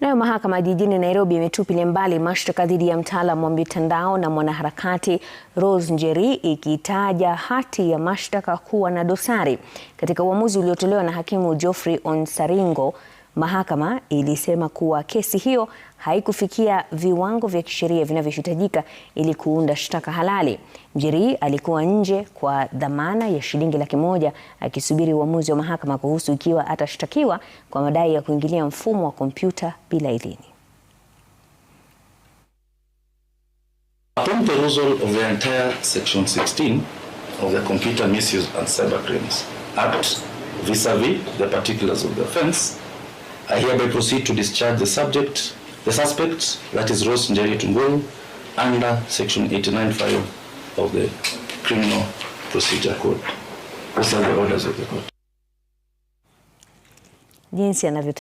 Nayo mahakama jijini Nairobi imetupilia mbali mashtaka dhidi ya mtaalamu wa mitandao na mwanaharakati Rose Njeri ikitaja hati ya mashtaka kuwa na dosari. Katika uamuzi uliotolewa na hakimu Geoffrey Onsaringo, Mahakama ilisema kuwa kesi hiyo haikufikia viwango vya kisheria vinavyohitajika ili kuunda shtaka halali. mjeri alikuwa nje kwa dhamana ya shilingi laki moja akisubiri uamuzi wa mahakama kuhusu ikiwa atashtakiwa kwa madai ya kuingilia mfumo wa kompyuta bila idhini. Upon of the entire section 16 of the Computer Misuse and Act vis-a-vis the particulars of the offense I hereby proceed to discharge the subject, the suspect, that is Rose Njeri Tungoi, under Section 895 of the Criminal Procedure Code. These are the orders of the court.